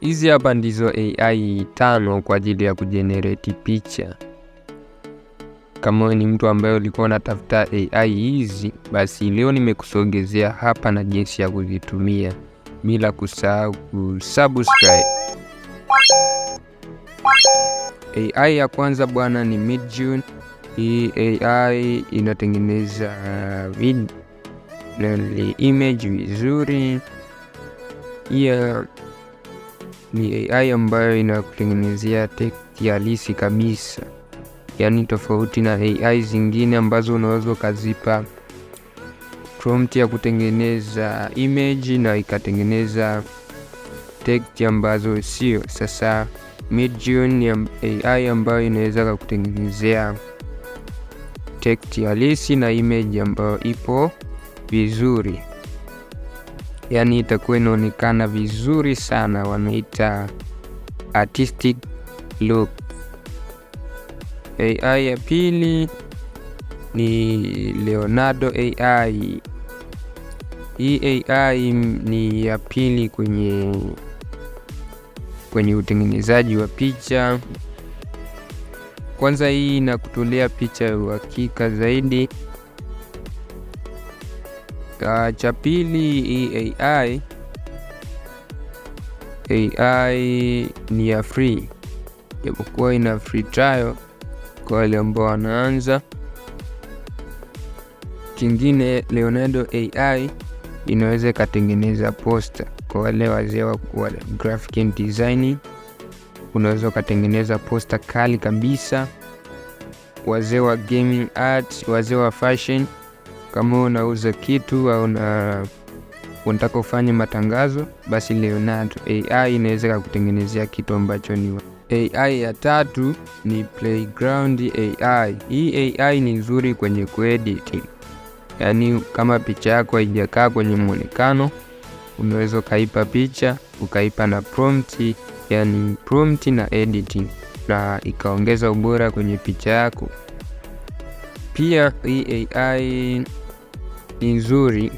Hizi hapa ndizo AI tano kwa ajili ya kujenereti picha. Kama ni mtu ambaye ulikuwa unatafuta AI hizi, basi leo nimekusogezea hapa na jinsi ya kuzitumia, bila kusahau kusubscribe. AI ya kwanza bwana ni Midjourney. Hii AI inatengeneza uh, video image vizuri yeah ni AI ambayo inakutengenezea text halisi kabisa, yaani tofauti na AI zingine ambazo unaweza ukazipa prompt ya kutengeneza image na ikatengeneza text ambazo sio. Sasa Midjourney ni AI ambayo inaweza kukutengenezea text halisi na image ambayo ipo vizuri yani itakuwa inaonekana vizuri sana, wanaita artistic look. AI ya pili ni Leonardo AI. Hii AI ni ya pili kwenye kwenye utengenezaji wa picha. Kwanza hii inakutolea picha ya uhakika zaidi. Cha pili hii AI AI ni ya free, japokuwa ina free trial kwa wale ambao wanaanza. Kingine, Leonardo AI inaweza ikatengeneza poster kwa wale wazee wa graphic and unaweza ukatengeneza poster kali kabisa. Wazee wa gaming art, wazee wa fashion kama unauza kitu au una unataka ufanye matangazo, basi Leonardo AI inaweza kukutengenezea kitu ambacho ni AI ya tatu ni Playground AI. Hii AI ni nzuri kwenye kuedit, yaani kama picha yako haijakaa kwenye mwonekano, unaweza ukaipa picha ukaipa na prompt, yani prompt na editing, na ikaongeza ubora kwenye picha yako. Pia hii AI ni nzuri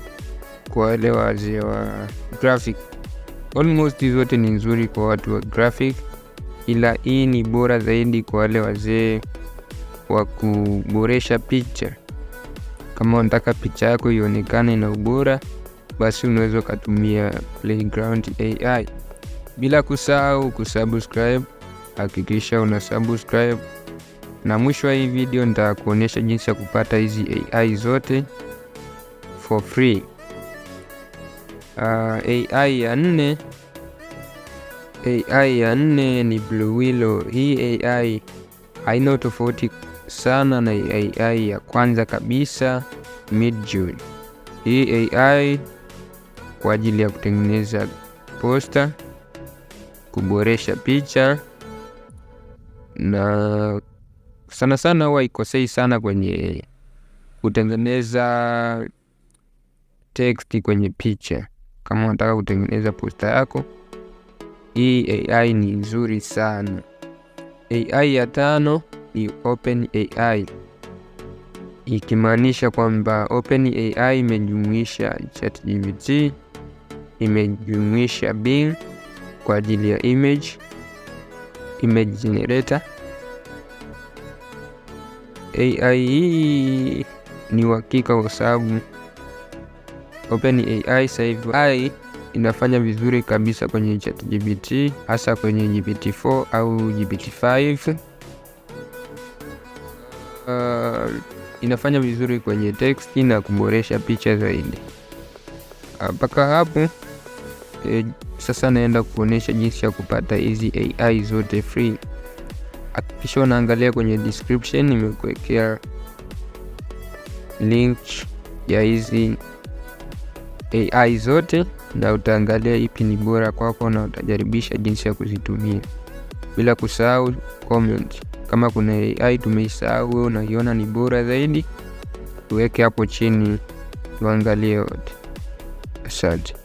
kwa wale wazee wa graphic. Almost zote ni nzuri kwa watu wa graphic, ila hii ni bora zaidi kwa wale wazee wa kuboresha picha. Kama unataka picha yako ionekane na ubora, basi unaweza ukatumia Playground AI. Bila kusahau kusubscribe, hakikisha una subscribe. Na mwisho wa hii video nitakuonyesha jinsi ya kupata hizi AI zote for free. Uh, AI ya nne AI ya nne ni Blue Willow. Hii AI haina tofauti sana na AI ya kwanza kabisa Midjourney. Hii AI kwa ajili ya kutengeneza posta, kuboresha picha na sana sana huwa ikosei sana kwenye kutengeneza text kwenye picha. Kama unataka kutengeneza posta yako, hii AI ni nzuri sana. AI ya tano ni AI, ikimaanisha kwamba AI imejumuisha ChatGPT, imejumuisha Bing kwa ajili ya image image generator. AI hii ni uhakika kwa sababu OpenAI sahivi hivi AI inafanya vizuri kabisa kwenye ChatGPT, hasa kwenye GPT-4 au GPT-5. Uh, inafanya vizuri kwenye text na kuboresha picha zaidi. Uh, mpaka hapo e, sasa naenda kuonyesha jinsi ya kupata hizi AI zote free. Hakikisha unaangalia kwenye description, nimekuwekea link ya hizi AI zote na utaangalia ipi ni bora kwako na utajaribisha jinsi ya kuzitumia bila kusahau comment. Kama kuna AI tumeisahau wewe unaiona ni bora zaidi, tuweke hapo chini tuangalie wote. Asante.